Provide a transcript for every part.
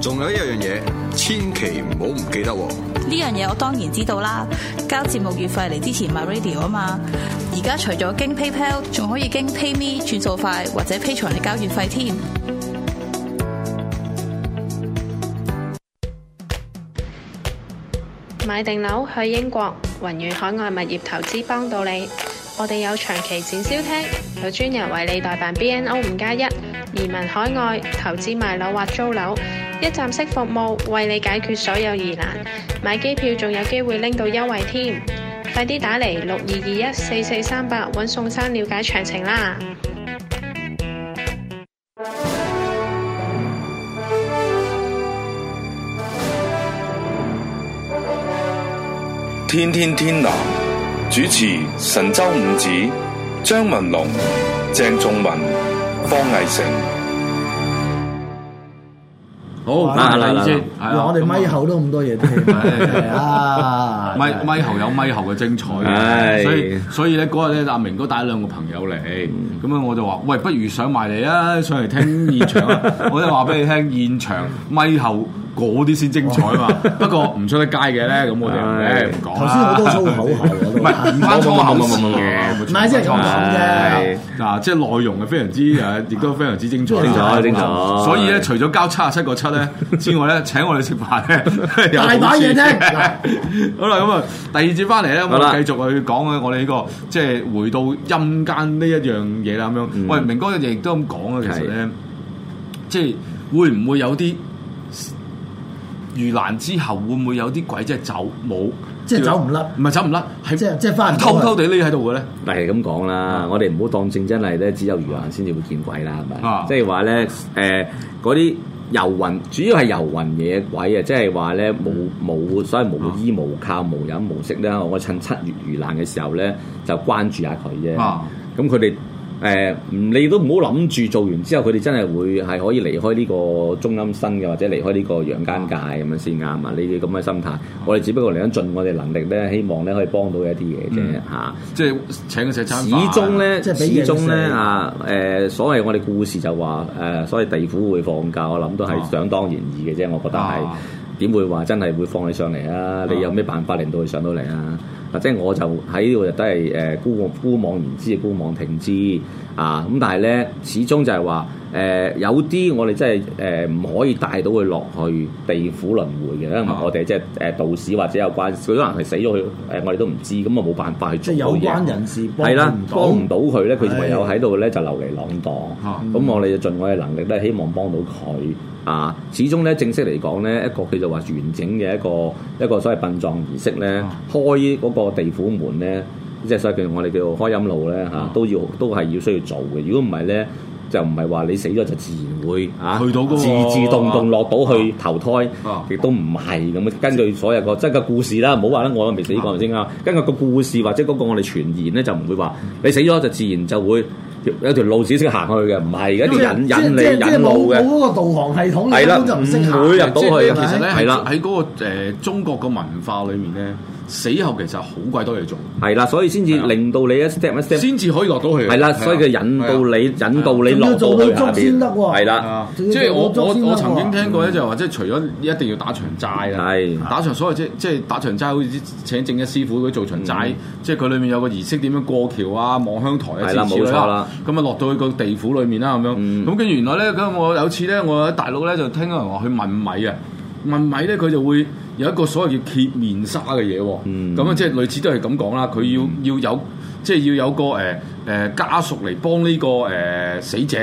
仲有一樣嘢，千祈唔好唔記得喎！呢樣嘢我當然知道啦，交節目月費嚟支持 MyRadio 啊嘛！而家除咗經 PayPal，仲可以經 PayMe 轉數快，或者 Patreon 嚟交月費添。買定樓去英國，雲遠海外物業投資幫到你。我哋有長期展銷廳，有專人為你代辦 BNO 五加一，移民海外、投資賣樓或租樓，一站式服務為你解決所有疑難。買機票仲有機會拎到優惠添，快啲打嚟六二二一四四三八，搵宋生了解詳情啦。天天天藍。主持神州五子張文龍、鄭仲文、方毅成，好哇，我哋咪喉都咁多嘢聽，咪咪喉有咪喉嘅精彩， 所以所以咧嗰日咧阿明哥帶兩個朋友嚟，咁樣 我就話喂，不如上埋嚟啊，上嚟聽現場啊， 我就話俾你聽現場咪喉。嗰啲先精彩嘛，不過唔出得街嘅咧，咁我哋唔講。頭先好多粗口，唔係唔翻粗口，唔係即係講嘢嗱，即係內容係非常之誒，亦都非常之精彩，所以咧，除咗交七啊七個七咧之外咧，請我哋食飯咧，大把嘢啫。好啦，咁啊，第二節翻嚟咧，我哋繼續去講啊，我哋呢個即係回到陰間呢一樣嘢咁樣。喂，明哥亦都咁講啊，其實咧，即係會唔會有啲？盂蘭之後會唔會有啲鬼即係走冇，即係走唔甩，唔係走唔甩，係即係即係翻偷偷地匿喺度嘅咧。但係咁講啦，我哋唔好當正真係咧，只有盂蘭先至會見鬼啦，係咪？即係話咧，誒嗰啲遊魂，主要係遊魂嘢鬼啊！即係話咧，冇，無所謂無依無靠無飲無食咧，我趁七月盂蘭嘅時候咧，就關注下佢啫。咁佢哋。誒，你都唔好諗住做完之後，佢哋真係會係可以離開呢個中陰身嘅，或者離開呢個陽間界咁樣先啱啊！呢啲咁嘅心態，我哋只不過嚟緊盡我哋能力咧，希望咧可以幫到一啲嘢啫嚇。即係請食餐飯，始終咧，始終咧啊誒，所謂我哋故事就話誒，所謂地府會放假，我諗都係想當然爾嘅啫。我覺得係點會話真係會放你上嚟啊？你有咩辦法令到佢上到嚟啊？嗱，即係我就喺呢度，都係誒姑妄姑妄言之，姑妄聽之啊！咁但係咧，始終就係話誒有啲我哋真係誒唔可以帶到佢落去地府輪迴嘅，因為我哋即係誒道士或者有關，佢可能係死咗去誒，我哋都唔知，咁啊冇辦法去做嘢，有關人士幫唔到佢咧，佢啦唯有喺度咧就流離浪蕩。咁、嗯、我哋就盡我嘅能力都係希望幫到佢。啊！始終咧，正式嚟講咧，一個佢就話完整嘅一個一個所謂殯葬儀式咧，啊、開嗰個地府門咧，即係所以叫我哋叫做開陰路咧嚇、啊，都要都係要需要做嘅。如果唔係咧，就唔係話你死咗就自然會啊，去到、啊、自自動動落到去投胎，亦都唔係咁。根據所有個是即係個故事啦，唔好話咧我未死過先啊。根據個故事或者嗰個我哋傳言咧，就唔會話你死咗就自然就會。條有條路子先行去嘅，唔係而家啲引引你引，是引路嘅。冇嗰個導航系統，根的本就唔識佢入到去嘅。是吧其實咧，係啦喺嗰個誒、呃、中國嘅文化裏面咧。死後其實好鬼多嘢做，係啦，所以先至令到你一 step 一 step，先至可以落到去。係啦，所以佢引導你，引導你落到去先得喎。係啦，即係我我我曾經聽過咧，就話即係除咗一定要打長齋啦，係打長，所謂即即係打長齋，好似請正一師傅去做長齋，即係佢裏面有個儀式，點樣過橋啊、望鄉台啊，冇錯啦。咁啊落到去個地府裏面啦，咁樣咁跟住原來咧，咁我有次咧，我喺大陸咧就聽人話去問米啊。問米咧，佢就會有一個所謂叫揭面紗嘅嘢喎。咁啊、嗯，樣即係類似都係咁講啦，佢要、嗯、要有。即係要有個誒誒、呃、家屬嚟幫呢、這個誒、呃、死者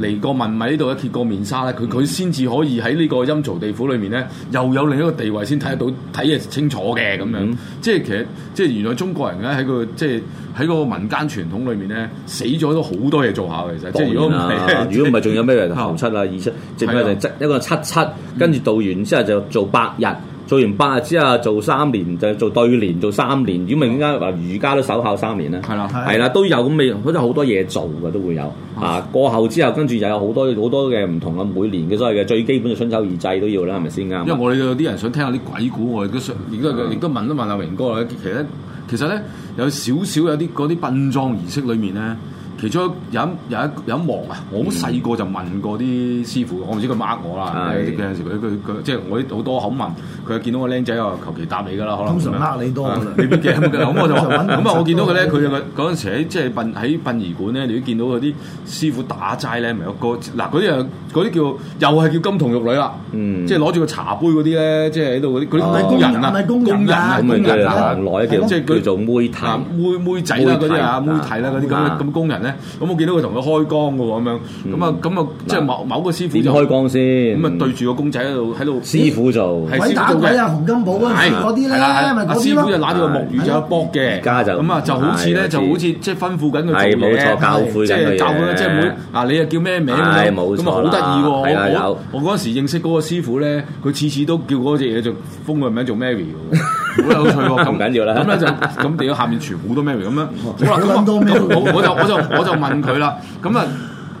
嚟個問米呢度一揭個面紗咧，佢佢先至可以喺呢個陰曹地府裏面咧又有另一個地位，先睇得到睇嘢、嗯、清楚嘅咁樣。即係其實即係原來中國人咧喺個即係喺嗰個民間傳統裏面咧，死咗都好多嘢做下嘅。啊、其實，即係如果唔係，如果唔係，仲有咩嚟？就逢七啊，二七，即咩嚟？一個七七，跟住度完之後就做百日。做完八日之後，做三年就做對聯，做三年，如果唔係點解話儒家都守孝三年咧？係啦係啦，都有咁嘅，好似好多嘢做嘅都會有 啊。過後之後跟住又有好多好多嘅唔同嘅，每年嘅所謂嘅最基本嘅春秋二祭都要啦，係咪先啊？因為我哋有啲人想聽一下啲鬼故，我亦 都想，亦、嗯、都問咗問阿榮哥啦。其實其實咧有少少有啲嗰啲殯葬儀式裏面咧，其中有一有一有一幕啊，我好細個就問過啲師傅，我唔知佢唔呃我啦。有啲有陣時佢佢即係我好多口問。ıyorlar 佢見到個僆仔話：求其答你噶啦，可能通常呃你多啦，咁我就話：咁啊，我見到佢咧，佢嘅嗰時喺即係喺殯儀館咧，你都見到嗰啲師傅打齋咧，唔係有個嗱嗰啲啊嗰啲叫又係叫金童玉女啦，即係攞住個茶杯嗰啲咧，即係喺度嗰啲啲工人啊，工人咁啊工人啊，內叫即係叫做妹體、妹妹仔啦嗰啲啊、妹體啦嗰啲咁咁工人咧。咁我見到佢同佢開光嘅喎咁樣，咁啊咁啊即係某某個師傅點開光先？咁啊對住個公仔喺度喺度。師傅做係啊，洪金寶嗰啲，嗰啲咧，咪嗰啲阿師傅就攬住個木魚，就卜嘅，而家就咁啊，就好似咧，就好似即係吩咐緊佢。係冇錯，教佢嘅。教訓即係每啊，你又叫咩名㗎咧？咁啊，好得意喎！我我嗰陣時認識嗰個師傅咧，佢次次都叫嗰隻嘢做封個名做 Mary 好有趣喎！咁緊要啦，咁咧就咁點？下面全部都 Mary 咁樣好啦，咁多咩？我我就我就我就問佢啦，咁啊。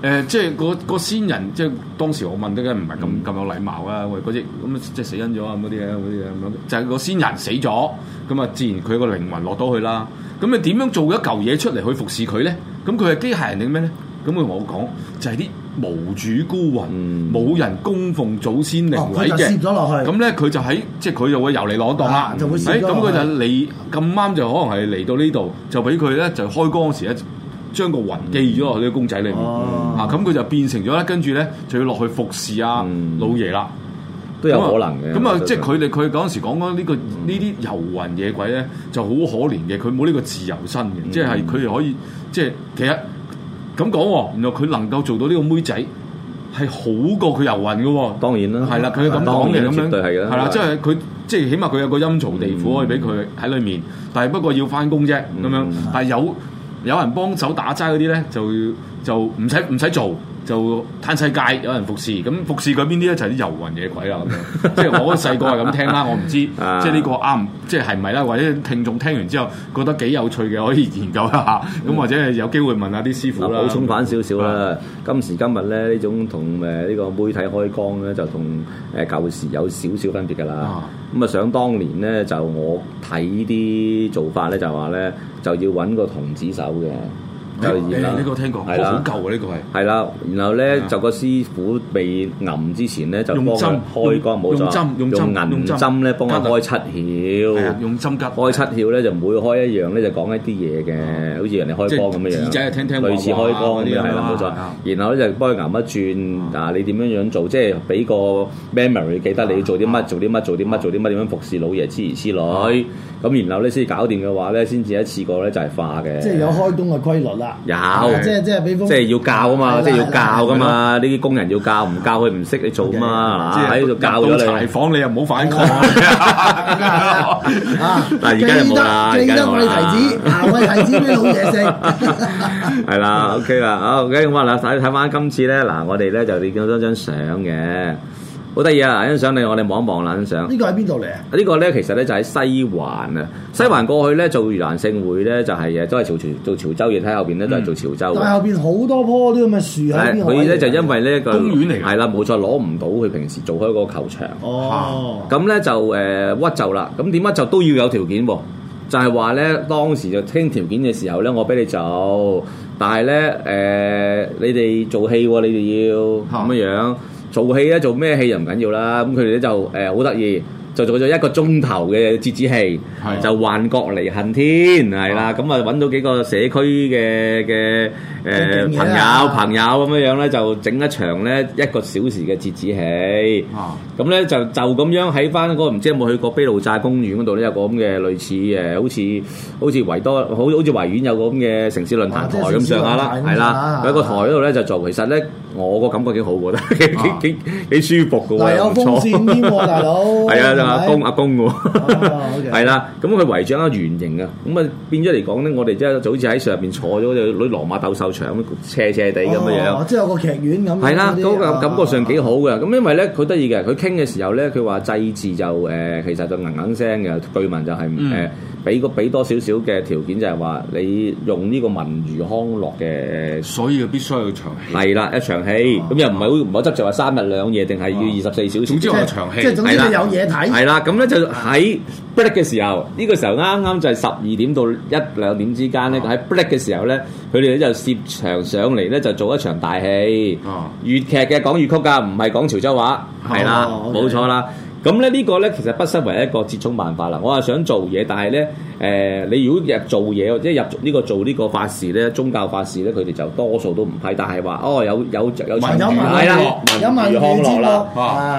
誒、呃、即係、那個先人，即係當時我問得嘅唔係咁咁有禮貌啊！喂，嗰隻咁即係死因咗啊！嗰啲啊，嗰啲啊，就係個先人死咗，咁啊，自然佢個靈魂落到去啦。咁你點樣做一嚿嘢出嚟去服侍佢咧？咁佢係機械人定咩咧？咁佢同我講就係、是、啲無主孤魂，冇、嗯、人供奉祖先靈位嘅。咁咧、哦，佢就喺即係佢就，啊、就會由你攞當啦。咁佢、嗯、就你咁啱就可能係嚟到呢度，就俾佢咧就開光嗰時咧。將個魂寄咗落啲公仔裏面，吓，咁佢就變成咗咧。跟住咧就要落去服侍啊老爺啦，都有可能嘅。咁啊，即係佢哋佢嗰陣時講緊呢個呢啲遊魂野鬼咧，就好可憐嘅。佢冇呢個自由身嘅，即係佢哋可以即係其實咁講。原來佢能夠做到呢個妹仔，係好過佢遊魂㗎。當然啦，係啦，佢咁講嘅咁樣，係啦，即係佢即係起碼佢有個陰曹地府可以俾佢喺裏面，但係不過要翻工啫咁樣，但係有。有人幫手打齋嗰啲咧，就就唔使唔使做。就嘆世界有人服侍，咁服侍嗰邊啲咧就係啲遊魂野鬼啦，即係 我嗰細個係咁聽啦，我唔知即係呢個啱，即係係咪啦？或者聽眾聽完之後覺得幾有趣嘅，可以研究一下，咁、嗯、或者有機會問下啲師傅啦、啊。補充翻少少啦，嗯、今時今日咧呢種同誒呢個媒體開光咧，就同誒舊時有少少分別噶啦。咁啊想當年咧就我睇啲做法咧就話咧就要揾個童子手嘅。係啦，呢個聽過，個好舊啊！呢個係係啦，然後咧就個師傅被揞之前咧就幫佢開光，冇錯，用針，用銀針咧幫佢開七竅，用針吉，開七竅咧就唔每開一樣咧就講一啲嘢嘅，好似人哋開光咁樣樣，即係聽聽類似開光咁樣係啦，冇錯。然後咧就幫佢揼一轉，啊，你點樣樣做？即係俾個 memory 記得你要做啲乜，做啲乜，做啲乜，做啲乜，點樣服侍老爺，諸如此類。咁然後咧先至搞掂嘅話咧，先至一次過咧就係化嘅，即係有開光嘅規律啦。有，即係即係，即係要教啊嘛，即係要教噶嘛，呢啲工人要教，唔教佢唔識去做嘛，嗱喺度教咗你。柴房你又唔好反抗。記得記得餵提子，我哋提子俾老爺食。係啦，OK 啦，好，咁我嗱睇睇翻今次咧，嗱我哋咧就影咗多張相嘅。好得意啊！欣賞你，我哋望一望啦，欣賞。個呢個喺邊度嚟啊？呢個咧其實咧就喺、是、西環啊，嗯、西環過去咧做越南盛會咧就係、是、誒都係做潮做潮州嘢，睇後邊咧都係做潮州。嗯、但係後邊好多棵啲咁嘅樹喺邊。佢咧就因為咧、那個係啦，冇錯，攞唔到佢平時做開嗰個球場。哦，咁咧就誒、呃、屈就啦。咁點解就都要有條件喎，就係話咧當時就聽條件嘅時候咧，我俾你做，但係咧誒你哋做戲喎，你哋要咁嘅樣。做戲咧，做咩戲又唔緊要啦，咁佢哋咧就誒好得意。欸就做咗一個鐘頭嘅折子戲，就幻覺離恨天，係啦，咁啊揾到幾個社區嘅嘅誒朋友朋友咁樣樣咧，就整一場咧一個小時嘅折子戲。哦，咁咧就就咁樣喺翻嗰個唔知有冇去過卑路寨公園嗰度咧，有個咁嘅類似誒，好似好似維多，好好似維園有個咁嘅城市論壇台咁上下啦，係啦，喺個台嗰度咧就做。其實咧，我個感覺幾好，覺得幾幾幾舒服嘅喎，唔錯。有風扇添喎，大佬。係啊！阿公阿、啊、公嘅喎，係啦，咁佢圍住一個圓形嘅，咁啊變咗嚟講咧，我哋即係就好似喺上邊坐咗只女羅馬鬥獸場咁斜斜地咁嘅樣。哦、啊，即係有個劇院咁。係啦，嗰、那個、感覺上幾好嘅，咁因為咧佢得意嘅，佢傾嘅時候咧，佢話祭祀就誒、呃，其實就硬硬聲嘅，據聞就係、是、誒。呃嗯俾俾多少少嘅條件，就係話你用呢個文娛康樂嘅，所以必須要長戲。係啦，一場戲咁又唔係好唔係執著話三日兩夜定係要二十四小時。總之就長戲，即係總之佢有嘢睇。係啦，咁咧就喺 break 嘅時候，呢個時候啱啱就係十二點到一兩點之間咧。喺 break 嘅時候咧，佢哋咧就攝場上嚟咧，就做一場大戲。粵劇嘅講粵曲㗎，唔係講潮州話，係啦，冇錯啦。咁咧呢個咧其實不失為一個折衷辦法啦。我係想做嘢，但係咧誒，你如果日做嘢，或者入呢個做呢個法事咧，宗教法事咧，佢哋就多數都唔係，但係話哦有有有文娛康樂，有文娛康樂啦，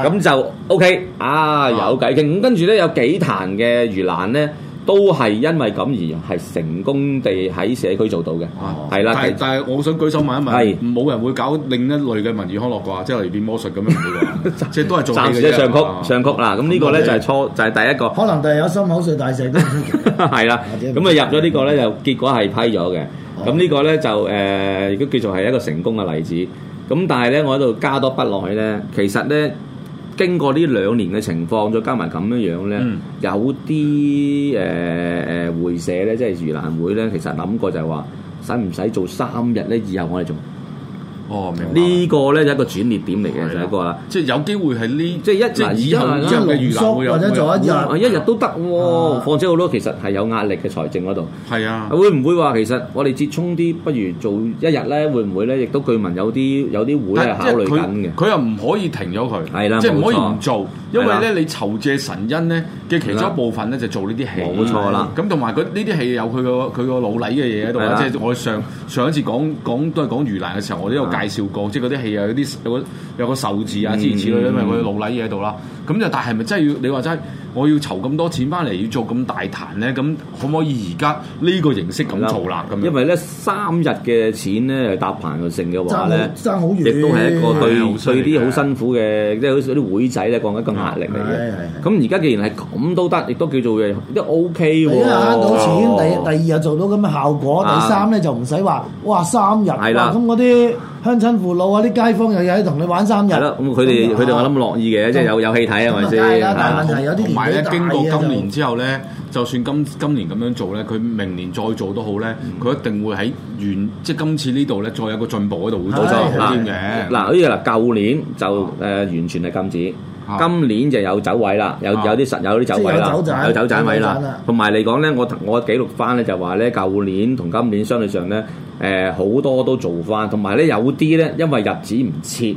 咁就 O、okay, K 啊，啊有偈傾。咁跟住咧有幾壇嘅盂蘭咧？都係因為咁而係成功地喺社區做到嘅，係啦。但係，我想舉手問一問，係冇人會搞另一類嘅民衆康樂啩，即係例如變魔術咁樣，即係都係做嘅。暫且上曲，上曲啦。咁呢個咧就係初，就係第一個。可能第係有心口碎大石都係啦。咁啊，入咗呢個咧，就結果係批咗嘅。咁呢個咧就誒，亦都叫做係一個成功嘅例子。咁但係咧，我喺度加多筆落去咧，其實咧。經過呢兩年嘅情況，再加埋咁樣樣咧，嗯、有啲誒誒會社咧，即係盂蘭會咧，其實諗過就係話，使唔使做三日咧？以後我哋仲……」哦，呢個咧就係一個轉捩點嚟嘅，就係一個啦，即係有機會係呢，即係一即係以一張嘅盂蘭或者做一日，一日都得喎。況且好多其實係有壓力嘅財政嗰度，係啊，會唔會話其實我哋接充啲，不如做一日咧？會唔會咧？亦都據聞有啲有啲會咧考慮緊嘅。佢又唔可以停咗佢，係啦，即係唔可以唔做，因為咧你酬謝神恩咧嘅其中一部分咧就做呢啲戲，冇錯啦。咁同埋佢呢啲戲有佢個佢個老禮嘅嘢喺度，即係我上上一次講講都係講盂蘭嘅時候，我都有。介紹過，即係嗰啲戲啊，有啲有個有個壽字啊諸如此類，因為佢有老禮嘢喺度啦。咁就但係咪真係要？你話齋？ 我要籌咁多錢翻嚟要做咁大壇咧，咁可唔可以而家呢個形式咁做啦？咁因為咧三日嘅錢咧係搭棚個成嘅話咧，爭好遠，亦都係一個對對啲好辛苦嘅，即係好似啲會仔咧，降一個壓力嚟嘅。咁而家既然係咁都得，亦都叫做嘅，都 OK 喎。第一到錢，第第二日做到咁嘅效果，第三咧就唔使話哇三日，咁嗰啲鄉親父老啊、啲街坊又有又同你玩三日。係啦，咁佢哋佢哋我諗樂意嘅，即係有有戲睇啊咪先。咁啊，但係有啲。埋咧，經過今年之後呢，就算今今年咁樣做呢，佢明年再做都好呢，佢、嗯、一定會喺原即係今次呢度呢，再有個進步嗰度會做。冇嘅。嗱，呢個嗱舊年就誒、呃、完全係禁止，今年就有走位啦，有有啲實有啲走位啦，有走窄位啦。同埋嚟講呢，我我記錄翻呢，就話呢，舊年同今年相對上呢，誒、呃、好多都做翻，同埋呢，有啲呢，因為入紙唔切。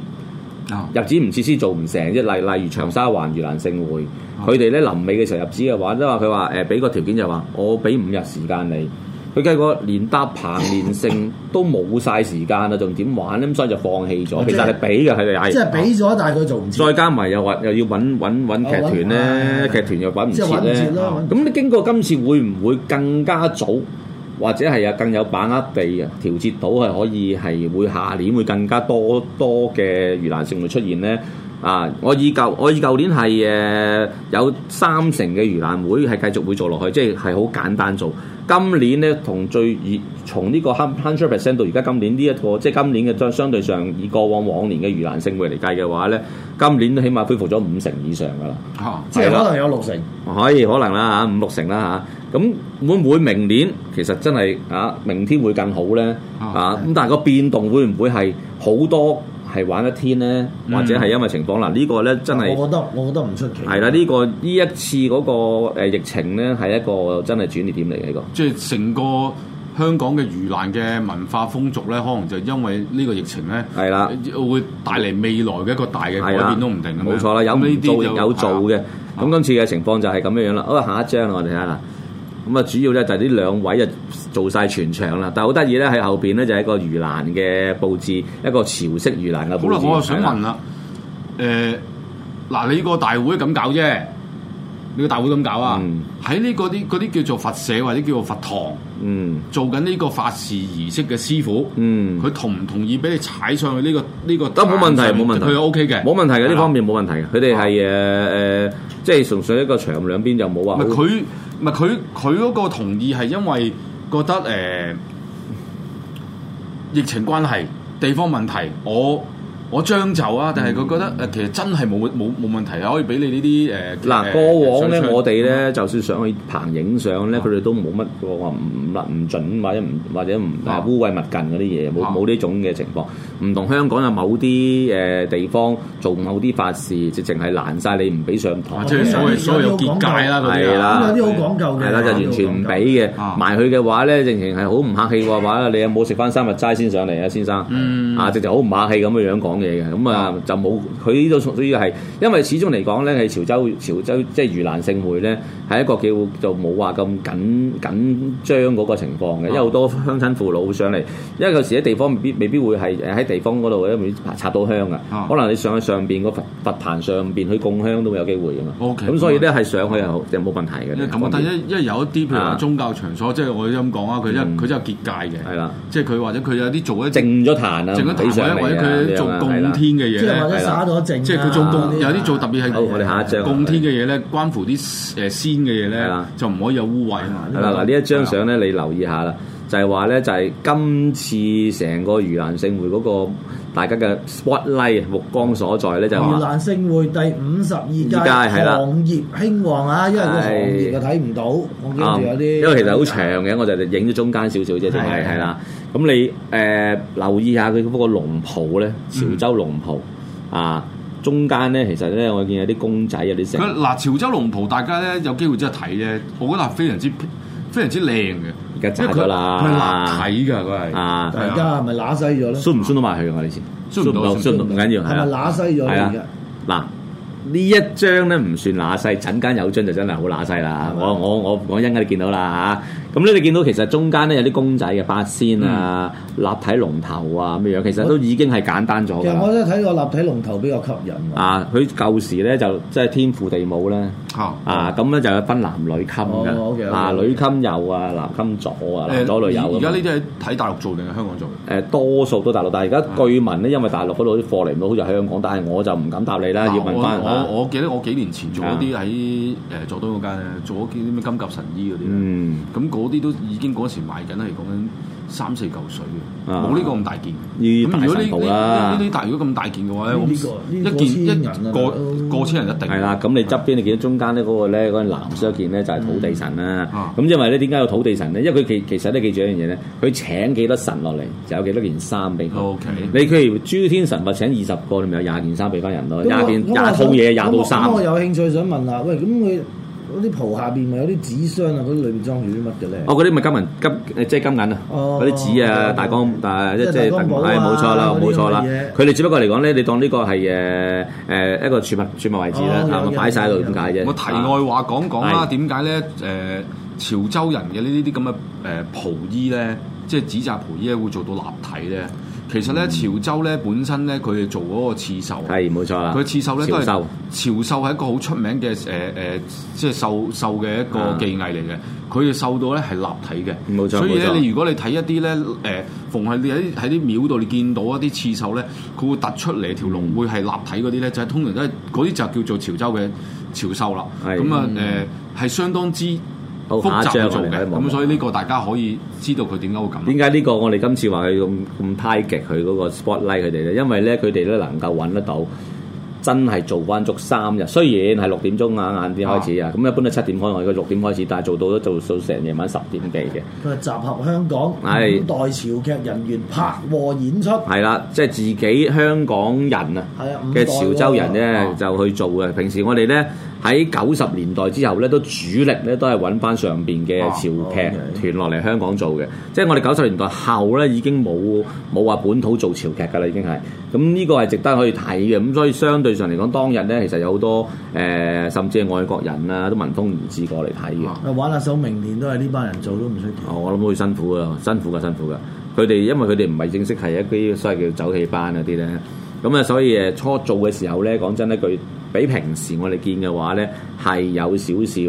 入紙唔設施做唔成，即係例例如長沙環、盂蘭勝會，佢哋咧臨尾嘅時候入紙嘅話，即係話佢話誒俾個條件就話我俾五日時間你，佢計過連搭棚連勝都冇晒時間啦，仲點玩咧？咁所以就放棄咗。是其實係俾嘅，係咪？即係俾咗，但係佢做唔。再加埋又話又要揾揾揾劇團咧，啊、劇團又揾唔切咧。咁、啊、你經過今次會唔會更加早？或者係啊，更有把握地調節到係可以係會下年會更加多多嘅盂蘭勝會出現咧啊！我以舊我以舊年係誒、呃、有三成嘅盂蘭會係繼續會做落去，即係係好簡單做。今年咧同最以從呢個 hundred percent 到而家今年呢一個即係今年嘅相相對上以過往往年嘅盂蘭勝會嚟計嘅話咧，今年都起碼恢復咗五成以上噶啦、啊，即係可能有六成，可以可能啦嚇五六成啦嚇。咁、嗯、會唔會明年其實真係啊，明天會更好咧？啊咁，但係個變動會唔會係好多係玩一天咧？或者係因為情況嗱，呢、嗯、個咧真係我覺得我覺得唔出奇。係、這、啦、個，呢個呢一次嗰個誒疫情咧，係一個真係轉捩點嚟嘅呢個。即係成個香港嘅魚欄嘅文化風俗咧，可能就因為呢個疫情咧，係啦的，會帶嚟未來嘅一個大嘅改變都唔定，冇錯啦，有唔做，有做嘅。咁今的次嘅情況就係咁樣樣啦。好，下一張啦，我哋睇下。咁啊，主要咧就呢兩位啊做曬全場啦，但係好得意咧，喺後邊咧就係一個魚欄嘅佈置，一個潮式魚欄嘅佈置。好啦，我啊想問啦，嗱的、呃，你依個大會咁搞啫？你個大會咁搞啊！喺呢、嗯這個啲啲叫做佛社或者叫做佛堂，嗯、做緊呢個法事儀式嘅師傅，佢、嗯、同唔同意俾你踩上去呢個呢個？都、這、冇、個、問題，冇問題，佢 OK 嘅，冇問題嘅呢方面冇問題嘅。佢哋係誒誒，即係純粹一個場兩邊就冇話。佢唔係佢佢嗰個同意係因為覺得誒、呃、疫情關係地方問題我。我將就啊，但係佢覺得誒，其實真係冇冇冇問題啊，可以俾你呢啲誒。嗱，過往咧，我哋咧就算上去棚影相咧，佢哋都冇乜話唔唔唔準或者唔或者唔污穢勿近嗰啲嘢，冇冇呢種嘅情況。唔同香港有某啲誒地方做某啲法事，直情係攔晒你唔俾上堂，所謂所謂嘅結界啦，係啦，有啲好講究嘅，係啦，就完全唔俾嘅。埋佢嘅話咧，直情係好唔客氣嘅話你有冇食翻三日齋先上嚟啊，先生？啊，直情好唔客氣咁嘅樣講。嘅咁啊，就冇佢呢度屬於係，因為始終嚟講咧，係潮州潮州即係盂蘭勝會咧，係一個叫就冇話咁緊緊張嗰個情況嘅，因為好多鄉親父老上嚟，因為有時啲地方未必未必會係喺地方嗰度，因為未拆到香啊，可能你上喺上邊嗰佛佛壇上邊去供香都會有機會噶嘛。O K，咁所以咧係上去又又冇問題嘅。咁但係因因為有一啲譬如話宗教場所，即係我咁講啊，佢真佢真係結界嘅，即係佢或者佢有啲做咗靜咗壇啊，靜咗壇咧或者佢做供天嘅嘢係啊，即係佢做供，有啲做特別係供天嘅嘢咧，關乎啲誒仙嘅嘢咧，就唔可以有污穢啊嘛。係啦，嗱呢一張相咧，你留意下啦，就係話咧，就係今次成個盂蘭盛會嗰個大家嘅 spotlight 目光所在咧，就係盂蘭盛會第五十二屆行業興旺啊，因為個行業啊睇唔到，我見到有啲因為其實好長嘅，我就影咗中間少少啫，就係係啦。咁你誒留意下佢嗰個龍袍咧，潮州龍袍啊，中間咧其實咧，我見有啲公仔有啲成。嗱潮州龍袍大家咧有機會真係睇啫，我覺得係非常之非常之靚嘅。而家就係佢啦。佢難睇㗎佢係。啊。而家係咪乸西咗咧？損唔損到埋去？我哋先。損唔到，損唔到，唔緊要係啊。係啊。嗱。呢一張咧唔算乸西，陣間有張就真係好乸西啦！我我我一陣間，你見到啦嚇，咁、啊、咧你見到其實中間咧有啲公仔嘅八仙啊、立體龍頭啊咁嘅樣，其實都已經係簡單咗。其實我都睇個立體龍頭比較吸引。啊，佢舊時咧就即係天父地母咧。啊！咁咧就有分男女襟嘅。啊，女襟右啊，男襟左啊，男左女右。而家呢啲係喺大陸做定係香港做？誒多數都大陸，但係而家據聞咧，因為大陸嗰度啲貨嚟唔到，好似喺香港，但係我就唔敢答你啦，要問翻。我我記得我幾年前做啲喺誒佐敦嗰間做嗰啲咩金甲神醫嗰啲咧，咁嗰啲都已經嗰時賣緊係講緊。三四嚿水嘅，冇呢個咁大件。咁如果呢啲呢啲大，如果咁大件嘅話咧，一件一個個千人一定。係啦，咁你側邊你見到中間咧嗰個咧嗰藍色一件咧就係土地神啦。咁因為咧點解有土地神咧？因為佢其其實都記住一樣嘢咧，佢請幾多神落嚟就有幾多件衫俾佢。O K。你譬如諸天神佛請二十個，你咪有廿件衫俾翻人囉。廿件廿套嘢，廿套衫。咁我有興趣想問下，喂，咁佢？嗰啲蒲下邊咪有啲紙箱啊？嗰啲裏邊裝住啲乜嘅咧？哦，嗰啲咪金銀金誒，即係金銀啊！嗰啲紙啊，大缸大即係大缸冇錯啦，冇錯啦。佢哋只不過嚟講咧，你當呢個係誒誒一個儲物儲物位置啦，啊擺曬喺度點解啫？我題外話講講啦，點解咧？誒潮州人嘅呢啲啲咁嘅誒蒲衣咧，即係紙紮蒲衣咧，會做到立體咧？其實咧潮州咧本身咧佢哋做嗰個刺繡，係冇錯啦。佢刺繡咧修都係潮繡，潮繡係一個好出名嘅誒誒，即係繡繡嘅一個技藝嚟嘅。佢嘅繡到咧係立體嘅，冇錯。所以咧錯你如果你睇一啲咧誒，逢係你喺啲廟度你見到一啲刺繡咧，佢會突出嚟條龍、嗯、會係立體嗰啲咧，就係通常都係嗰啲就叫做潮州嘅潮繡啦。咁啊誒係相當之。好複雜做嘅，咁所以呢個大家可以知道佢點解會咁。點解呢個我哋今次話佢咁咁太極佢嗰個 spotlight 佢哋咧？因為咧佢哋咧能夠揾得到，真係做翻足三日。雖然係六點鐘啊晏啲開始啊，咁、啊、一般都七點開外嘅六點開始，但係做到都做到做成夜晚十點幾嘅。佢係集合香港五代潮劇人員拍和演出。係啦，即係、就係、自己香港人啊，嘅潮州人咧、哦、就去做嘅。平時我哋咧。喺九十年代之後咧，都主力咧都係揾翻上邊嘅潮劇、啊 okay、團落嚟香港做嘅，即係我哋九十年代後咧已經冇冇話本土做潮劇㗎啦，已經係咁呢個係值得可以睇嘅。咁所以相對上嚟講，當日咧其實有好多誒、呃，甚至係外國人啊，都聞風而至過嚟睇嘅。玩下手，明年都係呢班人做都唔使調。我諗會辛苦㗎，辛苦㗎，辛苦㗎。佢哋因為佢哋唔係正式係一啲，所謂叫走戲班嗰啲咧。咁啊，所以誒初做嘅時候咧，講真一句。比平時我哋見嘅話咧，係有少少，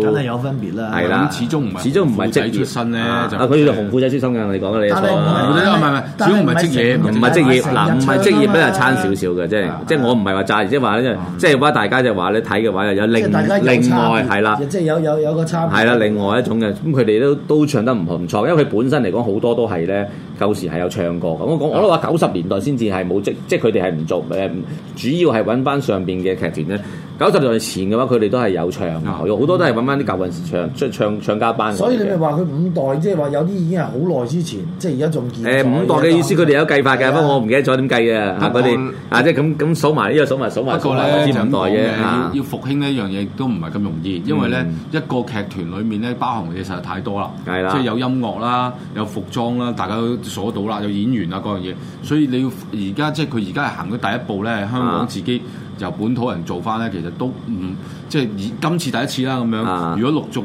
梗係有分別啦。係啦，始終唔係始終唔係職業出身咧。啊，佢哋紅褲仔出身嘅，我哋講嘅你錯。唔係唔係，始終唔係職業，唔係職業，嗱唔係職業俾人差少少嘅，即係即係我唔係話齋，即係話即係大家就係話你睇嘅話又有另另外係啦，即係有有有個差。係啦，另外一種嘅，咁佢哋都都唱得唔唔錯，因為佢本身嚟講好多都係咧，舊時係有唱過。我講我都話九十年代先至係冇職，即係佢哋係唔做誒，主要係揾翻上邊。嘅劇團咧，九十年代前嘅話，佢哋都係有唱，好多都係揾翻啲舊陣時唱，即係唱唱加班。所以你咪話佢五代，即係話有啲已經係好耐之前，即係而家仲見。誒五代嘅意思，佢哋有計法㗎，不過我唔記得咗點計啊。啊佢哋啊，即係咁咁數埋呢個數埋數埋，都係講緊五代嘅。要復興呢一樣嘢都唔係咁容易，因為咧一個劇團裡面咧包含嘅嘢實在太多啦，即係有音樂啦，有服裝啦，大家都鎖到啦，有演員啊各樣嘢，所以你要而家即係佢而家係行咗第一步咧，香港自己，由本土人做翻咧，其實都唔、嗯、即係今次第一次啦咁樣。啊、如果陸續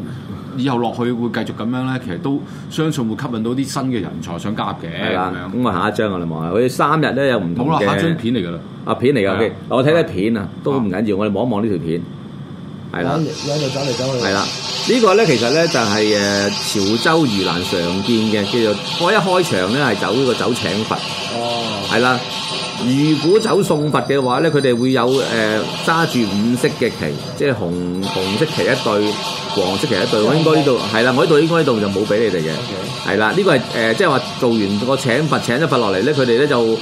以後落去會繼續咁樣咧，其實都相信會吸引到啲新嘅人才想加入嘅。係啦的，咁樣我下一張我哋望下，佢三日咧又唔同嘅。好啦，下張片嚟㗎啦。啊片嚟㗎，我睇睇片啊，都唔緊要，啊、我哋望一望呢條片。係啦。你你走嚟走去。係啦，呢個咧其實咧就係誒潮州盂蘭常見嘅，叫做開一開場咧係走呢個走，走請佛。哦、啊。係啦。如果走送佛嘅話咧，佢哋會有誒揸住五色嘅旗，即係紅紅色旗一對。黃色嘅一對，我應該呢度係啦，我呢度應該呢度就冇俾你哋嘅，係啦，呢個係誒，即係話做完個請佛請咗佛落嚟咧，佢哋咧就誒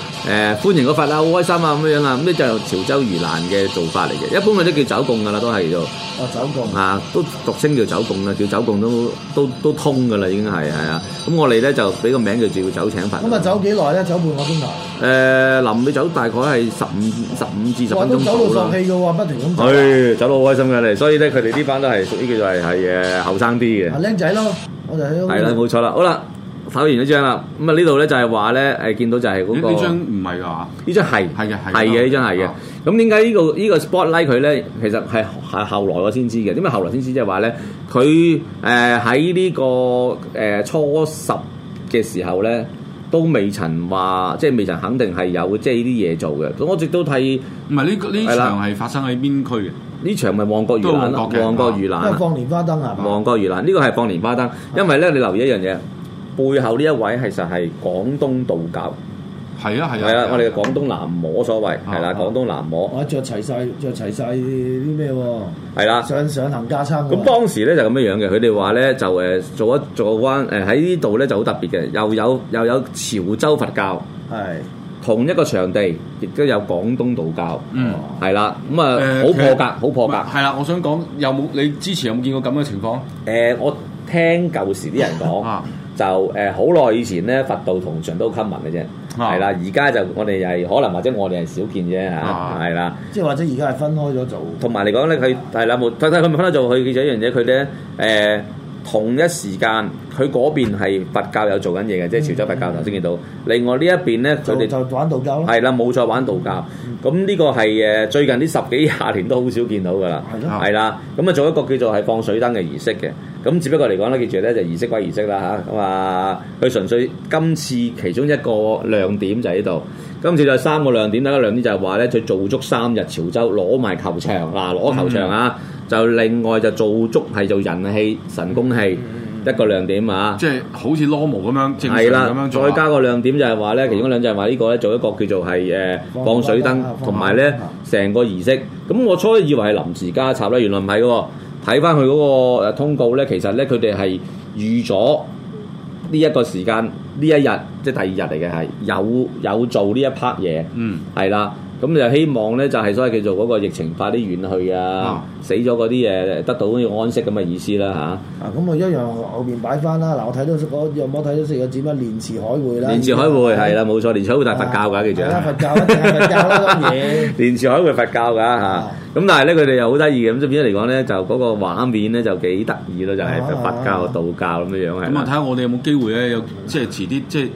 歡迎個佛啦，好開心啊咁樣啊，咁咧就潮州盂蘭嘅做法嚟嘅，一般佢都叫走貢噶啦，都係叫啊走貢啊，都俗稱叫走貢啦，叫走貢都都都通噶啦，已經係係啊，咁我哋咧就俾個名叫做走請佛。咁啊走幾耐咧？走半個鐘頭。誒，臨尾走大概係十五十五至十分鐘數啦。我都走到喪氣嘅喎，不停咁走。誒，走得好開心嘅你，所以咧佢哋呢班都係屬於叫做係。係嘅，後生啲嘅。啊，僆仔咯，我就喺屋企。係啦，冇錯啦，好啦，否完咗張啦。咁啊，呢度咧就係話咧，誒見到就係嗰個。呢張唔係㗎，呢張係，係嘅，係嘅，呢張係嘅。咁點解呢個呢個 spotlight 佢咧，其實係係後來我先知嘅。點解後來先知，即係話咧，佢誒喺呢個誒、呃、初十嘅時候咧。都未曾話，即係未曾肯定係有即係呢啲嘢做嘅。咁我直到睇，唔係呢呢場係發生喺邊區嘅？呢場咪旺角魚欄，旺角魚欄，旺角魚欄、這個、放蓮花燈啊！旺角魚欄呢個係放蓮花燈，因為咧你留意一樣嘢，背後呢一位其實係廣東道教。係啊係啊，係啊。我哋嘅廣東南無所謂，係啦廣東南無。我着齊晒，着齊晒啲咩喎？係啦，上上行加餐。咁當時咧就咁樣樣嘅，佢哋話咧就誒做一做彎誒喺呢度咧就好特別嘅，又有又有潮州佛教，係同一個場地，亦都有廣東道教，嗯，係啦，咁啊好破格，好破格。係啦，我想講有冇你之前有冇見過咁嘅情況？誒，我聽舊時啲人講，就誒好耐以前咧佛道同場都好 common 嘅啫。係啦，而家就我哋又係可能或者我哋係少見啫嚇，係啦、啊的。即係或者而家係分開咗做。同埋嚟講咧，佢係啦，冇睇睇佢，咪分開做，佢記咗一樣嘢。佢咧誒同一時間，佢嗰邊係佛教有做緊嘢嘅，即係潮州佛教頭先見到。另外呢一邊咧，佢哋就，就玩道教咯。係啦，冇再玩道教。咁呢、嗯、個係誒最近呢十幾廿年都好少見到噶啦。係咯。係啦，咁啊做一個叫做係放水燈嘅儀式嘅。咁只不過嚟講咧，記住咧就係、儀式歸儀式啦嚇。咁啊，佢純粹今次其中一個亮點就喺度。今次就三個亮點啦，第一個亮點就係話咧，佢做足三日潮州攞埋球場，嗱、啊、攞球場、嗯、啊，就另外就做足係做人氣神功戲、嗯嗯、一個亮點啊。即係好似 normal 咁樣正常咁樣係了再加個亮點就係話咧，嗯、其中一亮就係話呢個咧做一個叫做係誒、呃、放水燈，同埋咧成個儀式。咁我初以為係臨時加插啦，原來唔係嘅喎。睇翻佢嗰個通告咧，其實咧佢哋係預咗呢一個時間，呢一日即係第二日嚟嘅係有有做呢一 part 嘢，係啦。咁就希望咧，就係所謂叫做嗰個疫情快啲遠去啊，死咗嗰啲嘢得到安息咁嘅意思啦嚇。啊，咁啊一樣後後邊擺翻啦。嗱，我睇到嗰冇睇到成個點啊，蓮池海會啦。蓮池海會係啦，冇錯，蓮池海會係佛教㗎，記住啊。佛教佛教嘢。蓮池海會佛教㗎，咁但係咧佢哋又好得意嘅，咁即係變咗嚟講咧，就嗰個畫面咧就幾得意咯，就係佛教道教咁樣樣咁啊，睇下我哋有冇機會咧，有即係遲啲，即係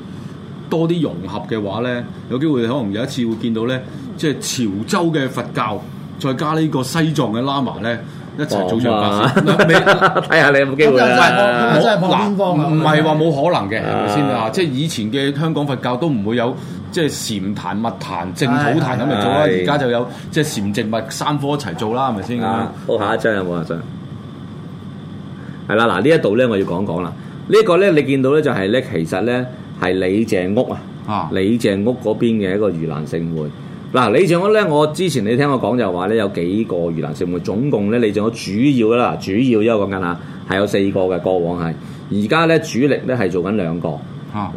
多啲融合嘅話咧，有機會可能有一次會見到咧。即係潮州嘅佛教，再加呢個西藏嘅喇嘛咧，一齊做咗。你睇下你有冇機會，南方唔係話冇可能嘅，係咪先啊？即係以前嘅香港佛教都唔會有，即係禪壇、密壇、淨土壇咁嚟做啦。而家就有即係禪淨、密三科一齊做啦，係咪先咁樣？下一張有冇啊？張係啦，嗱呢一度咧，我要講講啦。呢一個咧，你見到咧就係咧，其實咧係李鄭屋啊，李鄭屋嗰邊嘅一個盂蘭聖會。嗱，李正安咧？我之前你聽我講就話咧，有幾個盂蘭勝會，總共咧，你仲有主要啦，主要因為講緊啊，係有四個嘅，過往係而家咧主力咧係做緊兩個，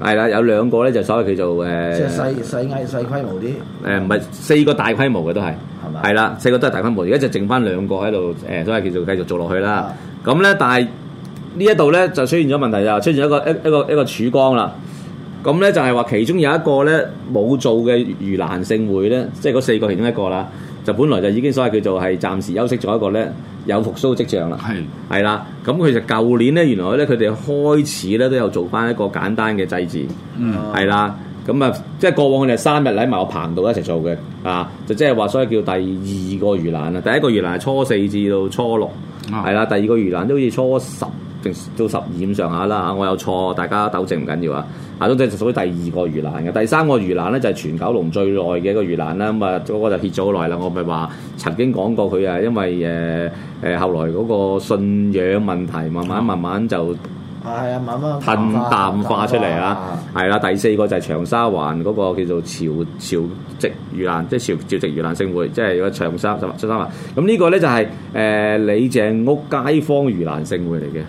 係啦，有兩個咧就所謂叫做誒，呃、即係細細細規模啲，誒唔係四個大規模嘅都係，係啦嗎，四個都係大規模，而家就剩翻兩個喺度誒，都係叫做繼續做落去啦。咁咧的，但係呢一度咧就出現咗問題，就出現一個一一個一個曙光啦。咁咧就係話，其中有一個咧冇做嘅盂蘭勝會咧，即係嗰四個其中一個啦，就本來就已經所謂叫做係暫時休息咗一個咧，有復甦嘅跡象啦。係係是啦，咁其實舊年咧，原來咧佢哋開始咧都有做翻一個簡單嘅祭祀，係、嗯、啦，咁啊，即係過往我哋三日喺埋個棚度一齊做嘅啊，就即係話，所謂叫第二個盂蘭啊，第一個盂蘭係初四至到初六，係、啊、啦，第二個盂蘭都好似初十，到十二點上下啦，嚇，我有錯，大家糾正唔緊要啊。啊，嗰隻就屬於第二個魚欄嘅，第三個魚欄咧就係全九龍最耐嘅一個魚欄啦。咁啊，嗰個就歇咗好耐啦。我咪話曾經講過佢啊，因為誒誒後來嗰個信仰問題，慢慢慢慢就係啊，慢慢褪淡化出嚟啊，係啦。第四個就係長沙灣嗰個叫做潮潮汐魚欄，即係潮潮汐魚欄勝會，即係個長沙長沙灣。咁呢個咧就係誒李鄭屋街坊魚欄勝會嚟嘅。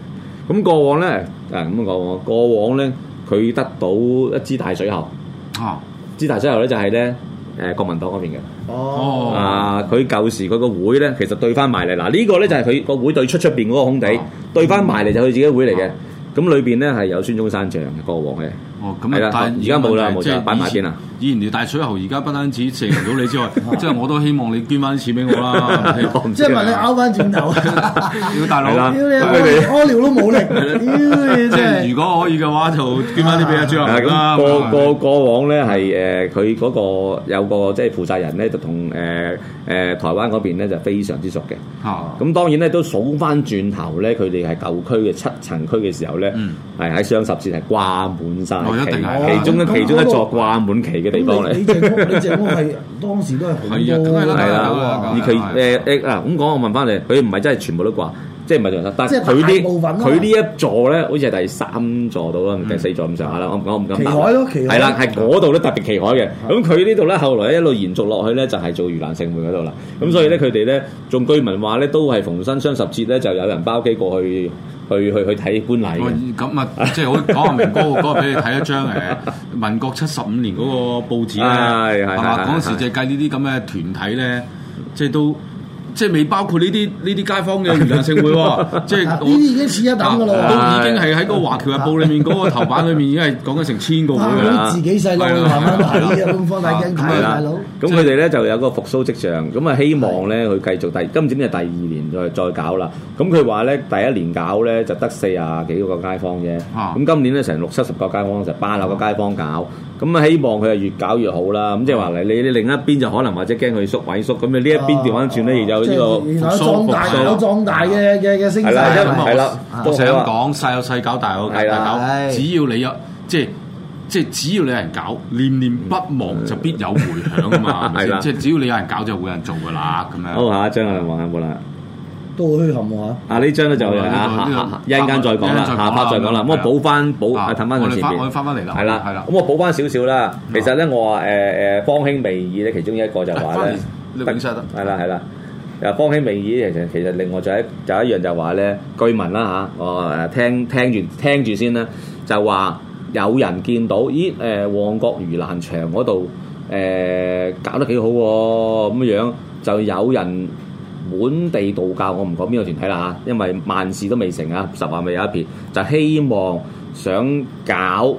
咁過往咧，啊咁講喎，過往咧佢得到一支大水喉，啊，支大水喉咧就係咧，誒、呃、國民黨嗰邊嘅，哦，啊佢舊時佢個會咧，其實對翻埋嚟，嗱、這個、呢個咧就係佢個會對出出邊嗰個空地，啊、對翻埋嚟就佢自己會嚟嘅，咁裏邊咧係有孫中山像嘅過往嘅。哦，咁啊！但而家冇啦，即係擺埋先啦。以前條大水喉而家不單止剩唔到你之外，即係我都希望你捐翻啲錢俾我啦。即係問你拗翻轉頭？屌大佬，屌你屙尿都冇力。屌你係。如果可以嘅話，就捐翻啲俾阿張啊。過過過往咧，係誒佢嗰個有個即係負責人咧，就同誒誒台灣嗰邊咧就非常之熟嘅。咁當然咧都數翻轉頭咧，佢哋係舊區嘅七層區嘅時候咧，係喺雙十節係掛滿晒。一定係其中一其中一座掛滿旗嘅地方嚟。你你隻屋你隻屋係當時都係紅過。係啊，梗係啦。而其誒誒啊，咁講我問你，佢唔係全部都掛。即係唔係做曬？但係佢啲佢呢一座咧，好似係第三座到啦，定係第四座咁上下啦。我唔敢，我唔敢講。奇海咯，奇海。係啦，係嗰度都特別奇海嘅。咁佢呢度咧，後來一路延續落去咧，就係做盂蘭勝會嗰度啦。咁所以咧，佢哋咧，仲居民話咧，都係逢新雙十節咧，就有人包機過去，去去去睇觀禮。咁啊，即係講下明哥講下俾你睇一張誒民國七十五年嗰個報紙咧，係嘛？嗰時就計呢啲咁嘅團體咧，即係都。即係未包括呢啲呢啲街坊嘅盂蘭勝會喎，即係呢啲已經似一打嘅咯喎，已經係喺嗰個華僑日報裡面嗰個頭版裡面已經係講緊成千個會啦。自己細路啊嘛，係啊，咁放大鏡講佬。咁佢哋咧就有個復甦跡象，咁啊，希望咧佢繼續第今年係第二年再再搞啦。咁佢話咧第一年搞咧就得四十幾個街坊啫，咁今年咧成六七十個街坊就百個街坊搞。咁啊，希望佢啊越搞越好啦。咁即係話嚟，你你另一邊就可能或者驚佢縮萎縮。咁你呢一邊調翻轉咧，亦有呢個擴大，有擴大嘅嘅嘅升勢。係啦，我成日咁講，細有細搞，大有大搞。只要你有，即係即係只要你有人搞，念念不忘就必有回響啊嘛。係啦，即係只要你有人搞，就會有人做噶啦。咁樣。好嚇，張熙明有冇啦？都好虛冚喎啊呢張咧就嚇下一陣間再講啦，下集再講啦。咁我補翻補啊，氹翻佢前面。翻翻嚟啦。係啦係啦。咁我補翻少少啦。其實咧，我話誒誒方興未艾咧，其中一個就話咧，你頂曬得。係啦係啦。啊，方興未艾其實其實另外就一就一樣就話咧，據聞啦嚇，我誒聽聽住聽住先啦，就話有人見到咦誒旺角魚欄場嗰度誒搞得幾好喎咁樣，就有人。本地道教我唔講邊個團體啦嚇，因為萬事都未成啊，十萬未有一撇，就希望想搞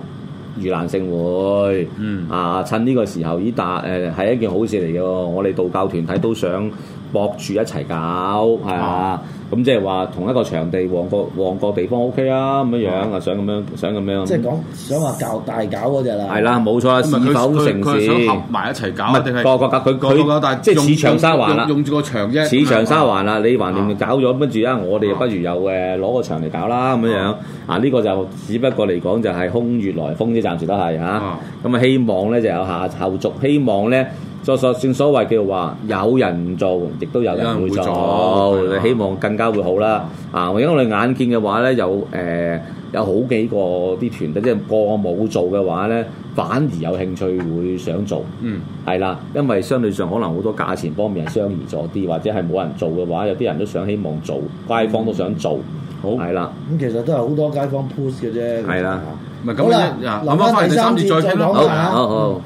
盂蘭勝會，嗯啊，趁呢個時候依達誒係、呃、一件好事嚟嘅喎，我哋道教團體都想。博住一齊搞，係啊，咁即係話同一個場地，旺角旺角地方 O K 啊，咁樣樣啊，想咁樣，想咁樣。即係講想話搞大搞嗰隻啦。係啦，冇錯啦，市九城市。埋一齊搞，定係個個格佢個即係似長沙灣啦，用住個場啫。似長沙灣啦，你橫掂搞咗跟住啦，我哋不如又誒攞個場嚟搞啦，咁樣樣啊，呢個就只不過嚟講就係空穴來風，啫。暫時都係嚇。咁啊，希望咧就有下後續，希望咧。.就實算所謂嘅話，有人做，亦都有人會做。你希望更加會好啦。啊，因為我哋眼見嘅話咧，有誒有好幾個啲團體，即係個個冇做嘅話咧，反而有興趣會想做。嗯，係啦，因為相對上可能好多價錢方面係相宜咗啲，或者係冇人做嘅話，有啲人都想希望做，街坊都想做。好，係啦。咁其實都係好多街坊 push 嘅啫。係啦。唔係咁，嗱，我翻第三次再講好好。